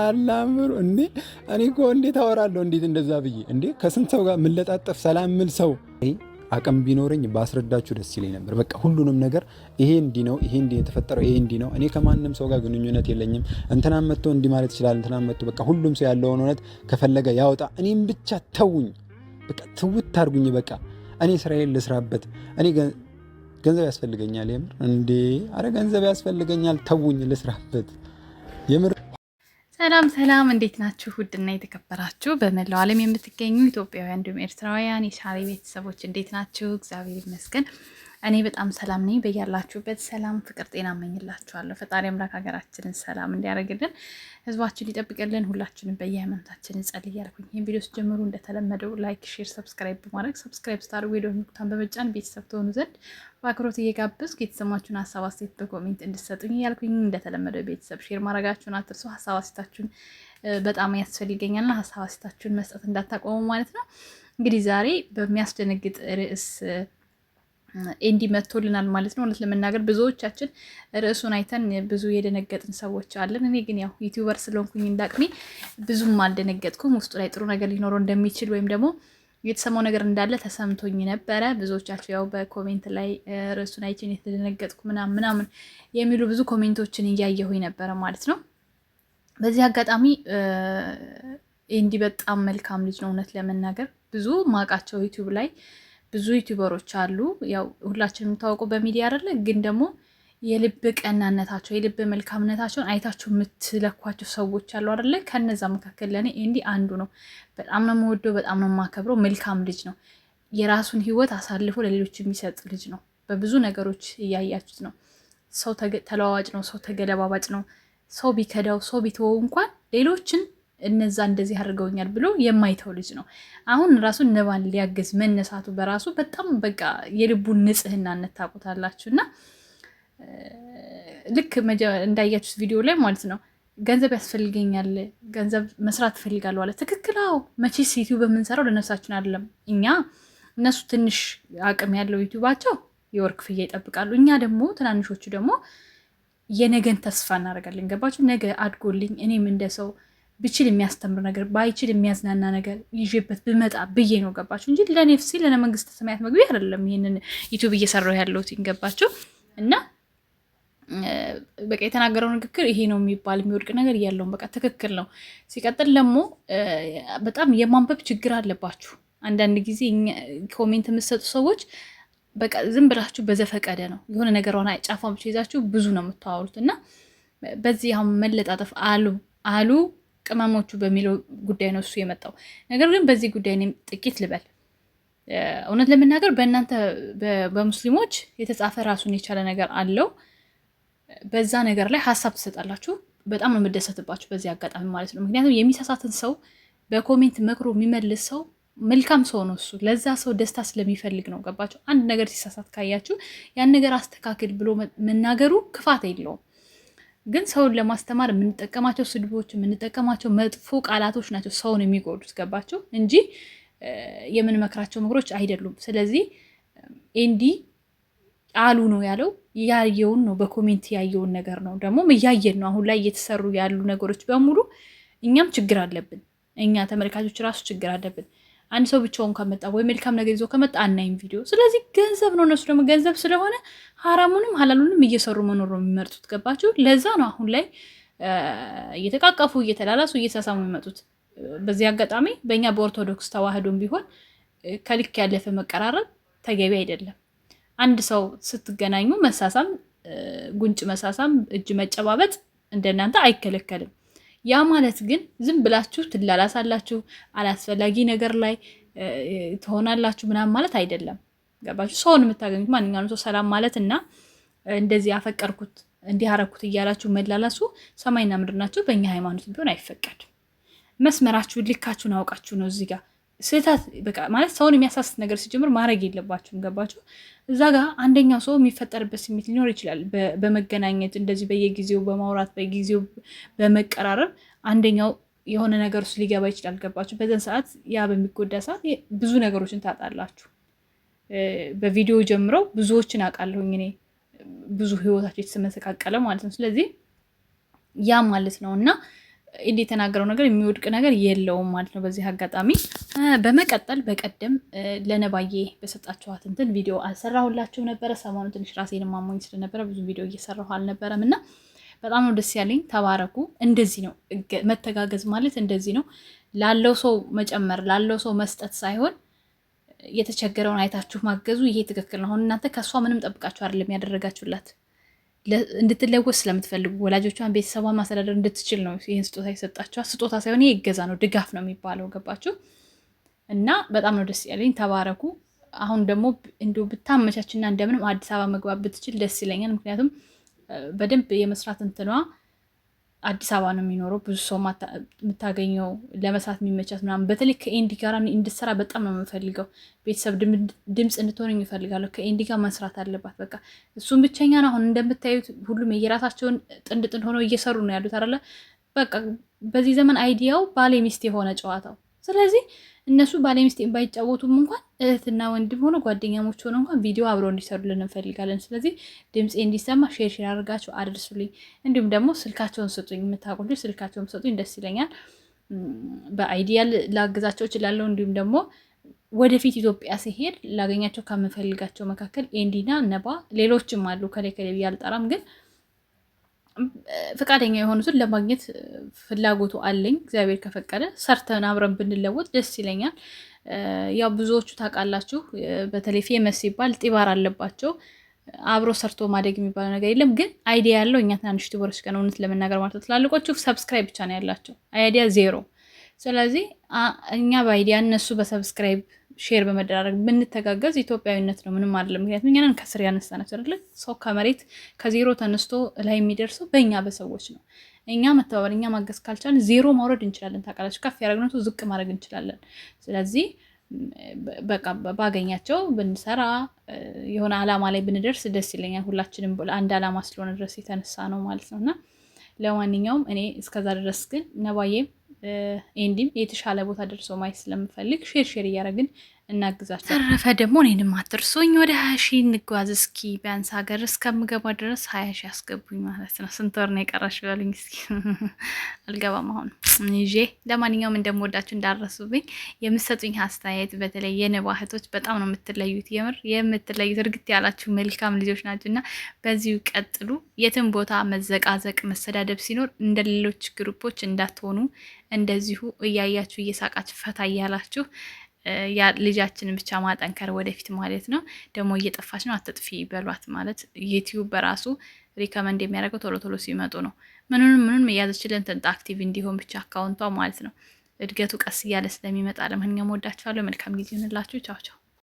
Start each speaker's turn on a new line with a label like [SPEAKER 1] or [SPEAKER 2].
[SPEAKER 1] ያላምሩ እንዴ! እኔ እኮ እንዴት አወራለሁ? እንዴት እንደዛ ብዬ እንዴ! ከስንት ሰው ጋር ምለጣጠፍ ሰላም ምል ሰው አቅም ቢኖረኝ ባስረዳችሁ ደስ ይለኝ ነበር። በቃ ሁሉንም ነገር ይሄ እንዲህ ነው፣ ይሄ እንዲህ የተፈጠረው፣ ይሄ እንዲህ ነው። እኔ ከማንም ሰው ጋር ግንኙነት የለኝም። እንትናን መጥቶ እንዲህ ማለት ይችላል፣ እንትናን መጥቶ በቃ ሁሉም ሰው ያለውን እውነት ከፈለገ ያወጣ። እኔም ብቻ ተውኝ፣ በቃ ትውት አድርጉኝ። በቃ እኔ ስራዬን ልስራበት። እኔ ገንዘብ ያስፈልገኛል። የምር እንዴ! አረ ገንዘብ ያስፈልገኛል። ተውኝ፣ ልስራበት የምር
[SPEAKER 2] ሰላም ሰላም፣ እንዴት ናችሁ? ውድና የተከበራችሁ በመላው ዓለም የምትገኙ ኢትዮጵያውያን እንዲሁም ኤርትራውያን የሻሌ ቤተሰቦች እንዴት ናችሁ? እግዚአብሔር ይመስገን እኔ በጣም ሰላም ነኝ። በያላችሁበት ሰላም፣ ፍቅር፣ ጤና እመኝላችኋለሁ። ፈጣሪ አምላክ ሀገራችንን ሰላም እንዲያደርግልን ህዝባችን ሊጠብቅልን ሁላችንም በየሃይማኖታችን እንጸልይ እያልኩኝ ይህን ቪዲዮ ስጀምሩ እንደተለመደው ላይክ፣ ሼር፣ ሰብስክራይብ በማድረግ ሰብስክራይብ ስታደርጉ የደወል ምልክቱን በመጫን ቤተሰብ ትሆኑ ዘንድ በአክብሮት እየጋበዝኩ የተሰማችሁን ሀሳብ አስተያየት በኮሜንት እንድሰጡኝ እያልኩኝ እንደተለመደው ቤተሰብ ሼር ማድረጋችሁን አትርሱ። ሀሳብ አስተያየታችሁን በጣም ያስፈልገኛልና ሀሳብ አስተያየታችሁን መስጠት እንዳታቆሙ ማለት ነው። እንግዲህ ዛሬ በሚያስደነግጥ ርዕስ ኤንዲ መጥቶልናል ማለት ነው። እውነት ለመናገር ብዙዎቻችን ርዕሱን አይተን ብዙ የደነገጥን ሰዎች አለን። እኔ ግን ያው ዩቲዩበር ስለሆንኩኝ እንዳቅሜ ብዙም አልደነገጥኩም። ውስጡ ላይ ጥሩ ነገር ሊኖረው እንደሚችል ወይም ደግሞ የተሰማው ነገር እንዳለ ተሰምቶኝ ነበረ። ብዙዎቻቸው ያው በኮሜንት ላይ ርዕሱን አይችን የተደነገጥኩ ምናምን ምናምን የሚሉ ብዙ ኮሜንቶችን እያየሁኝ ነበረ ማለት ነው። በዚህ አጋጣሚ ኤንዲ በጣም መልካም ልጅ ነው እውነት ለመናገር ብዙ ማውቃቸው ዩቲዩብ ላይ ብዙ ዩቲዩበሮች አሉ። ያው ሁላችን የምታወቁ በሚዲያ አይደለ፣ ግን ደግሞ የልብ ቀናነታቸው የልብ መልካምነታቸውን አይታችሁ የምትለኳቸው ሰዎች አሉ አይደለ? ከነዛ መካከል ለእኔ እንዲ አንዱ ነው። በጣም ነው የምወደው፣ በጣም ነው የማከብረው። መልካም ልጅ ነው። የራሱን ህይወት አሳልፎ ለሌሎች የሚሰጥ ልጅ ነው። በብዙ ነገሮች እያያችሁት ነው። ሰው ተለዋዋጭ ነው። ሰው ተገለባባጭ ነው። ሰው ቢከዳው ሰው ቢተወው እንኳን ሌሎችን እነዛ እንደዚህ አድርገውኛል ብሎ የማይተው ልጅ ነው። አሁን ራሱ ነባን ሊያግዝ መነሳቱ በራሱ በጣም በቃ የልቡን ንጽህናነት ታውቁታላችሁ። እና ልክ እንዳያችሁት ቪዲዮ ላይ ማለት ነው ገንዘብ ያስፈልገኛል፣ ገንዘብ መስራት እፈልጋለሁ አለ። ትክክል። አዎ መቼ ሴትዩ በምንሰራው ለነፍሳችን አይደለም። እኛ እነሱ ትንሽ አቅም ያለው ዩቲዩባቸው የወር ክፍያ ይጠብቃሉ። እኛ ደግሞ ትናንሾቹ ደግሞ የነገን ተስፋ እናደርጋለን። ገባችሁ? ነገ አድጎልኝ እኔም እንደ ሰው ብችል የሚያስተምር ነገር ባይችል የሚያዝናና ነገር ይዤበት ብመጣ ብዬ ነው ገባችሁ እንጂ ለኔፍሲ ለነ ሰማያት መግቢያ አይደለም ይህንን ዩቱብ እየሰራው ያለሁት ገባችሁ እና በቃ የተናገረው ንግግር ይሄ ነው የሚባል የሚወድቅ ነገር እያለውን በቃ ትክክል ነው ሲቀጥል ደግሞ በጣም የማንበብ ችግር አለባችሁ አንዳንድ ጊዜ ኮሜንት የምትሰጡ ሰዎች በቃ ዝም ብላችሁ በዘፈቀደ ነው የሆነ ነገሯን ጫፋ ብቻ ይዛችሁ ብዙ ነው የምታዋሉት እና በዚህ አሁን መለጣጠፍ አሉ አሉ ቅመሞቹ በሚለው ጉዳይ ነው እሱ የመጣው ነገር። ግን በዚህ ጉዳይ እኔም ጥቂት ልበል። እውነት ለመናገር በእናንተ በሙስሊሞች የተጻፈ ራሱን የቻለ ነገር አለው። በዛ ነገር ላይ ሀሳብ ትሰጣላችሁ። በጣም ነው የምደሰትባችሁ በዚህ አጋጣሚ ማለት ነው። ምክንያቱም የሚሳሳትን ሰው በኮሜንት መክሮ የሚመልስ ሰው መልካም ሰው ነው እሱ። ለዛ ሰው ደስታ ስለሚፈልግ ነው። ገባችሁ? አንድ ነገር ሲሳሳት ካያችሁ ያን ነገር አስተካክል ብሎ መናገሩ ክፋት የለውም። ግን ሰውን ለማስተማር የምንጠቀማቸው ስድቦች የምንጠቀማቸው መጥፎ ቃላቶች ናቸው ሰውን የሚጎዱት ገባቸው እንጂ የምንመክራቸው ምክሮች አይደሉም። ስለዚህ ኤንዲ አሉ ነው ያለው ያየውን ነው በኮሜንት ያየውን ነገር ነው ደግሞ እያየን ነው አሁን ላይ እየተሰሩ ያሉ ነገሮች በሙሉ እኛም ችግር አለብን። እኛ ተመልካቾች ራሱ ችግር አለብን። አንድ ሰው ብቻውን ከመጣ ወይ መልካም ነገር ይዞ ከመጣ አናይም ቪዲዮ። ስለዚህ ገንዘብ ነው። እነሱ ደግሞ ገንዘብ ስለሆነ ሀራሙንም ሀላሉንም እየሰሩ መኖር ነው የሚመርጡት። ገባችሁ? ለዛ ነው አሁን ላይ እየተቃቀፉ እየተላላሱ እየተሳሳሙ የሚመጡት። በዚህ አጋጣሚ በእኛ በኦርቶዶክስ ተዋህዶም ቢሆን ከልክ ያለፈ መቀራረብ ተገቢ አይደለም። አንድ ሰው ስትገናኙ መሳሳም፣ ጉንጭ መሳሳም፣ እጅ መጨባበጥ እንደናንተ አይከለከልም። ያ ማለት ግን ዝም ብላችሁ ትላላሳላችሁ፣ አላስፈላጊ ነገር ላይ ትሆናላችሁ ምናምን ማለት አይደለም። ገባችሁ? ሰውን የምታገኙት ማንኛውም ሰው ሰላም ማለት እና እንደዚህ አፈቀርኩት እንዲህ አረኩት እያላችሁ መላላሱ ሰማይና ምድር ናቸው። በእኛ ሃይማኖት ቢሆን አይፈቀድም። መስመራችሁን ልካችሁን አውቃችሁ ነው እዚህ ጋር ስህተት በቃ ማለት ሰውን የሚያሳስት ነገር ሲጀምር ማድረግ የለባችሁም። ገባችሁ? እዛ ጋር አንደኛው ሰው የሚፈጠርበት ስሜት ሊኖር ይችላል። በመገናኘት እንደዚህ በየጊዜው በማውራት በጊዜው በመቀራረብ አንደኛው የሆነ ነገር ውስጥ ሊገባ ይችላል። ገባችሁ? በዚያን ሰዓት ያ በሚጎዳ ሰዓት ብዙ ነገሮችን ታጣላችሁ። በቪዲዮ ጀምረው ብዙዎችን አውቃለሁኝ እኔ ብዙ ህይወታቸው የተመሰቃቀለ ማለት ነው። ስለዚህ ያ ማለት ነው እና ኢድ የተናገረው ነገር የሚወድቅ ነገር የለውም ማለት ነው። በዚህ አጋጣሚ በመቀጠል በቀደም ለነባዬ በሰጣችኋት እንትን ቪዲዮ አልሰራሁላችሁም ነበረ። ሰሞኑ ትንሽ ራሴን ማሞኝ ስለነበረ ብዙ ቪዲዮ እየሰራሁ አልነበረም እና በጣም ነው ደስ ያለኝ። ተባረኩ። እንደዚህ ነው መተጋገዝ ማለት እንደዚህ ነው። ላለው ሰው መጨመር፣ ላለው ሰው መስጠት ሳይሆን የተቸገረውን አይታችሁ ማገዙ ይሄ ትክክል ነው። አሁን እናንተ ከእሷ ምንም ጠብቃችሁ አይደለም ያደረጋችሁላት እንድትለወስ ስለምትፈልጉ ወላጆቿን፣ ቤተሰቧን ማስተዳደር እንድትችል ነው ይህን ስጦታ የሰጣቸዋል። ስጦታ ሳይሆን ይህ እገዛ ነው፣ ድጋፍ ነው የሚባለው። ገባችሁ? እና በጣም ነው ደስ ያለኝ። ተባረኩ። አሁን ደግሞ እንዲሁ ብታመቻችና እንደምንም አዲስ አበባ መግባት ብትችል ደስ ይለኛል። ምክንያቱም በደንብ የመስራት እንትኗ አዲስ አበባ ነው የሚኖረው። ብዙ ሰው የምታገኘው ለመስራት የሚመቻት ምናምን። በተለይ ከኤንዲ ጋር እንድትሰራ በጣም ነው የምፈልገው። ቤተሰብ ድምፅ እንድትሆን እፈልጋለሁ። ከኤንዲ ጋር መስራት አለባት። በቃ እሱም ብቸኛ ነው። አሁን እንደምታዩት ሁሉም የየራሳቸውን ጥንድ ጥንድ ሆነው እየሰሩ ነው ያሉት አይደለ? በቃ በዚህ ዘመን አይዲያው ባሌ ሚስት የሆነ ጨዋታው። ስለዚህ እነሱ ባለ ሚስቴን ባይጫወቱም እንኳን እህትና ወንድም ሆነ ጓደኛሞች ሆነ እንኳን ቪዲዮ አብረው እንዲሰሩልን እንፈልጋለን። ስለዚህ ድምፄ እንዲሰማ ሼር ሼር አድርጋቸው አድርሱልኝ። እንዲሁም ደግሞ ስልካቸውን ስጡኝ፣ የምታቆልች ስልካቸውን ስጡኝ፣ ደስ ይለኛል። በአይዲያ ላግዛቸው እችላለሁ። እንዲሁም ደግሞ ወደፊት ኢትዮጵያ ሲሄድ ላገኛቸው ከምፈልጋቸው መካከል ኤንዲና ነባ ሌሎችም አሉ። ከላይ ከላይ ያልጠራም ግን ፈቃደኛ የሆኑትን ለማግኘት ፍላጎቱ አለኝ። እግዚአብሔር ከፈቀደ ሰርተን አብረን ብንለወጥ ደስ ይለኛል። ያው ብዙዎቹ ታውቃላችሁ፣ በተለይ ፌመስ ሲባል ጢባር አለባቸው። አብሮ ሰርቶ ማደግ የሚባለው ነገር የለም። ግን አይዲያ ያለው እኛ ትናንሽ ዩቱበሮች ቀን እውነት ለመናገር ማለት ትላልቆቹ ሰብስክራይብ ብቻ ነው ያላቸው፣ አይዲያ ዜሮ። ስለዚህ እኛ በአይዲያ እነሱ በሰብስክራይብ ሼር በመደራረግ ብንተጋገዝ ኢትዮጵያዊነት ነው። ምንም አይደለም። ምክንያቱም እኛን ከስር ያነሳን አይደለ? ሰው ከመሬት ከዜሮ ተነስቶ ላይ የሚደርሰው በእኛ በሰዎች ነው። እኛ መተባበር፣ እኛ ማገዝ ካልቻለን ዜሮ ማውረድ እንችላለን። ታውቃላችሁ፣ ከፍ ያደረግነቱ ዝቅ ማድረግ እንችላለን። ስለዚህ በቃ ባገኛቸው ብንሰራ የሆነ አላማ ላይ ብንደርስ ደስ ይለኛል። ሁላችንም አንድ አላማ ስለሆነ ድረስ የተነሳ ነው ማለት ነው እና ለማንኛውም እኔ እስከዛ ድረስ ግን ነባዬ ኤንዲም የተሻለ ቦታ ደርሶ ማየት ስለምፈልግ ሼር ሼር እያደረግን እናግዛቸው። ተረፈ ደግሞ እኔንም አትርሱኝ። ወደ ሀያ ሺ እንጓዝ እስኪ ቢያንስ ሀገር እስከምገባ ድረስ ሀያ ሺህ አስገቡኝ ማለት ነው። ስንት ወር ነው የቀረሽ በሉኝ እስኪ። አልገባም አሁን ይዤ። ለማንኛውም እንደምወዳችሁ እንዳረሱብኝ። የምትሰጡኝ አስተያየት በተለይ የንባህቶች እህቶች በጣም ነው የምትለዩት፣ የምር የምትለዩት። እርግጥ ያላችሁ መልካም ልጆች ናቸው እና በዚሁ ቀጥሉ። የትም ቦታ መዘቃዘቅ፣ መሰዳደብ ሲኖር እንደ ሌሎች ግሩፖች እንዳትሆኑ እንደዚሁ እያያችሁ እየሳቃችሁ ፈታ እያላችሁ ልጃችንን ብቻ ማጠንከር ወደፊት ማለት ነው። ደግሞ እየጠፋች ነው አትጥፊ በሏት ማለት ዩቲዩብ በራሱ ሪከመንድ የሚያደርገው ቶሎ ቶሎ ሲመጡ ነው። ምኑን ምኑን መያዘችልን ትንጥ አክቲቭ እንዲሆን ብቻ አካውንቷ ማለት ነው። እድገቱ ቀስ እያለ ስለሚመጣ ለምህኛ ወዳችኋለሁ። መልካም ጊዜ ይሆንላችሁ። ቻው ቻው